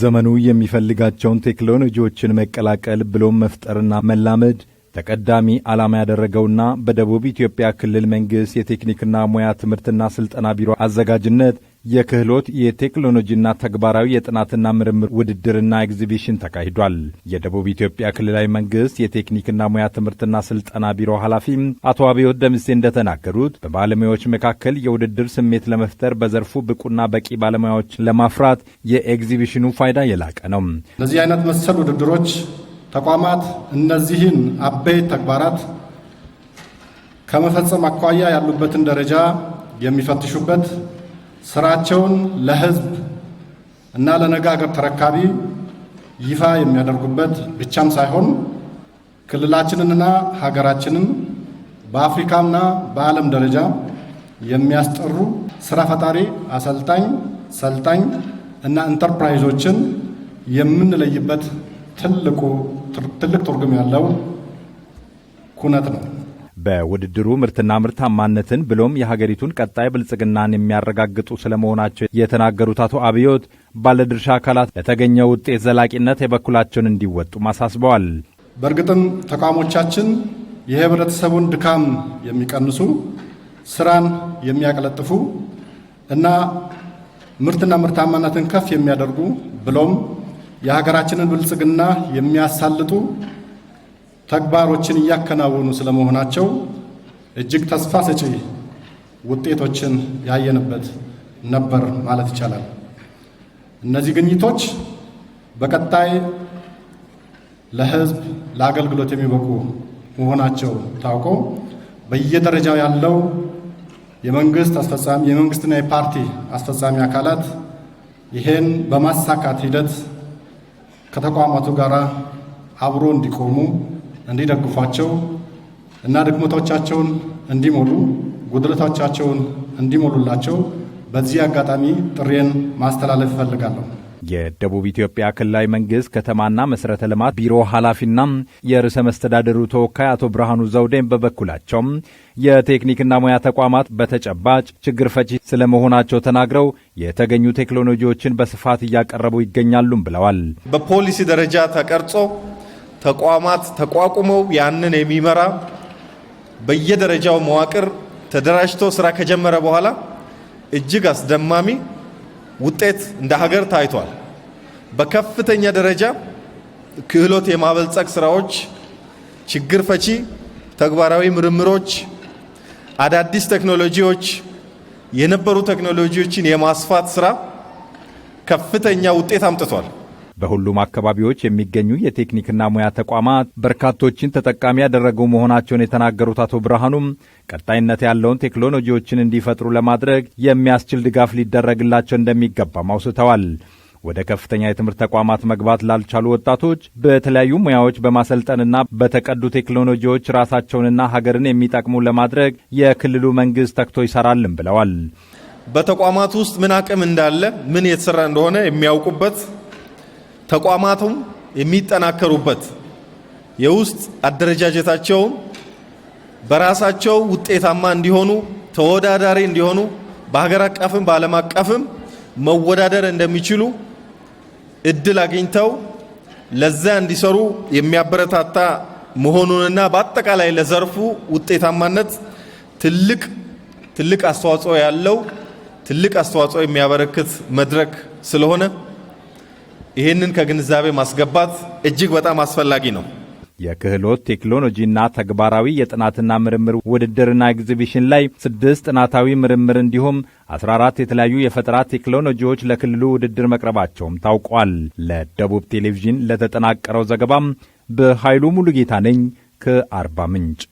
ዘመኑ የሚፈልጋቸውን ቴክኖሎጂዎችን መቀላቀል ብሎም መፍጠርና መላመድ ተቀዳሚ ዓላማ ያደረገውና በደቡብ ኢትዮጵያ ክልል መንግሥት የቴክኒክና ሙያ ትምህርትና ሥልጠና ቢሮ አዘጋጅነት የክህሎት የቴክኖሎጂና ተግባራዊ የጥናትና ምርምር ውድድርና ኤግዚቢሽን ተካሂዷል። የደቡብ ኢትዮጵያ ክልላዊ መንግስት የቴክኒክና ሙያ ትምህርትና ስልጠና ቢሮ ኃላፊ አቶ አብዮት ደምሴ እንደተናገሩት በባለሙያዎች መካከል የውድድር ስሜት ለመፍጠር በዘርፉ ብቁና በቂ ባለሙያዎች ለማፍራት የኤግዚቢሽኑ ፋይዳ የላቀ ነው። እነዚህ አይነት መሰል ውድድሮች ተቋማት እነዚህን አበይት ተግባራት ከመፈጸም አኳያ ያሉበትን ደረጃ የሚፈትሹበት ስራቸውን ለህዝብ እና ለነገ አገር ተረካቢ ይፋ የሚያደርጉበት ብቻም ሳይሆን ክልላችንንና ሀገራችንን በአፍሪካና በዓለም ደረጃ የሚያስጠሩ ስራ ፈጣሪ አሰልጣኝ፣ ሰልጣኝ እና ኢንተርፕራይዞችን የምንለይበት ትልቁ ትልቅ ትርጉም ያለው ኩነት ነው። በውድድሩ ምርትና ምርታማነትን ብሎም የሀገሪቱን ቀጣይ ብልጽግናን የሚያረጋግጡ ስለመሆናቸው የተናገሩት አቶ አብዮት ባለድርሻ አካላት ለተገኘው ውጤት ዘላቂነት የበኩላቸውን እንዲወጡ አሳስበዋል። በእርግጥም ተቋሞቻችን የህብረተሰቡን ድካም የሚቀንሱ ስራን የሚያቀለጥፉ እና ምርትና ምርታማነትን ከፍ የሚያደርጉ ብሎም የሀገራችንን ብልጽግና የሚያሳልጡ ተግባሮችን እያከናወኑ ስለመሆናቸው እጅግ ተስፋ ሰጪ ውጤቶችን ያየንበት ነበር ማለት ይቻላል። እነዚህ ግኝቶች በቀጣይ ለሕዝብ ለአገልግሎት የሚበቁ መሆናቸው ታውቆ በየደረጃው ያለው የመንግስት አስፈጻሚ የመንግስትና የፓርቲ አስፈጻሚ አካላት ይሄን በማሳካት ሂደት ከተቋማቱ ጋር አብሮ እንዲቆሙ እንዲደግፏቸው እና ድክመቶቻቸውን እንዲሞሉ ጉድለቶቻቸውን እንዲሞሉላቸው በዚህ አጋጣሚ ጥሬን ማስተላለፍ ይፈልጋለሁ። የደቡብ ኢትዮጵያ ክልላዊ መንግስት ከተማና መሠረተ ልማት ቢሮ ኃላፊና የርዕሰ መስተዳደሩ ተወካይ አቶ ብርሃኑ ዘውዴን በበኩላቸው የቴክኒክና ሙያ ተቋማት በተጨባጭ ችግር ፈቺ ስለመሆናቸው ተናግረው የተገኙ ቴክኖሎጂዎችን በስፋት እያቀረቡ ይገኛሉም ብለዋል። በፖሊሲ ደረጃ ተቀርጾ ተቋማት ተቋቁመው ያንን የሚመራ በየደረጃው መዋቅር ተደራጅቶ ስራ ከጀመረ በኋላ እጅግ አስደማሚ ውጤት እንደ ሀገር ታይቷል። በከፍተኛ ደረጃ ክህሎት የማበልጸግ ስራዎች፣ ችግር ፈቺ ተግባራዊ ምርምሮች፣ አዳዲስ ቴክኖሎጂዎች፣ የነበሩ ቴክኖሎጂዎችን የማስፋት ስራ ከፍተኛ ውጤት አምጥቷል። በሁሉም አካባቢዎች የሚገኙ የቴክኒክና ሙያ ተቋማት በርካቶችን ተጠቃሚ ያደረጉ መሆናቸውን የተናገሩት አቶ ብርሃኑም ቀጣይነት ያለውን ቴክኖሎጂዎችን እንዲፈጥሩ ለማድረግ የሚያስችል ድጋፍ ሊደረግላቸው እንደሚገባም አውስተዋል። ወደ ከፍተኛ የትምህርት ተቋማት መግባት ላልቻሉ ወጣቶች በተለያዩ ሙያዎች በማሰልጠንና በተቀዱ ቴክኖሎጂዎች ራሳቸውንና ሀገርን የሚጠቅሙ ለማድረግ የክልሉ መንግስት ተግቶ ይሰራልም ብለዋል። በተቋማት ውስጥ ምን አቅም እንዳለ ምን የተሰራ እንደሆነ የሚያውቁበት ተቋማቱም የሚጠናከሩበት የውስጥ አደረጃጀታቸውም በራሳቸው ውጤታማ እንዲሆኑ ተወዳዳሪ እንዲሆኑ በሀገር አቀፍም በዓለም አቀፍም መወዳደር እንደሚችሉ እድል አግኝተው ለዛ እንዲሰሩ የሚያበረታታ መሆኑንና በአጠቃላይ ለዘርፉ ውጤታማነት ትልቅ ትልቅ አስተዋጽኦ ያለው ትልቅ አስተዋጽኦ የሚያበረክት መድረክ ስለሆነ ይህንን ከግንዛቤ ማስገባት እጅግ በጣም አስፈላጊ ነው። የክህሎት ቴክኖሎጂና ተግባራዊ የጥናትና ምርምር ውድድርና ኤግዚቢሽን ላይ ስድስት ጥናታዊ ምርምር እንዲሁም 14 የተለያዩ የፈጠራ ቴክኖሎጂዎች ለክልሉ ውድድር መቅረባቸውም ታውቋል። ለደቡብ ቴሌቪዥን ለተጠናቀረው ዘገባም በኃይሉ ሙሉጌታ ነኝ ከአርባ ምንጭ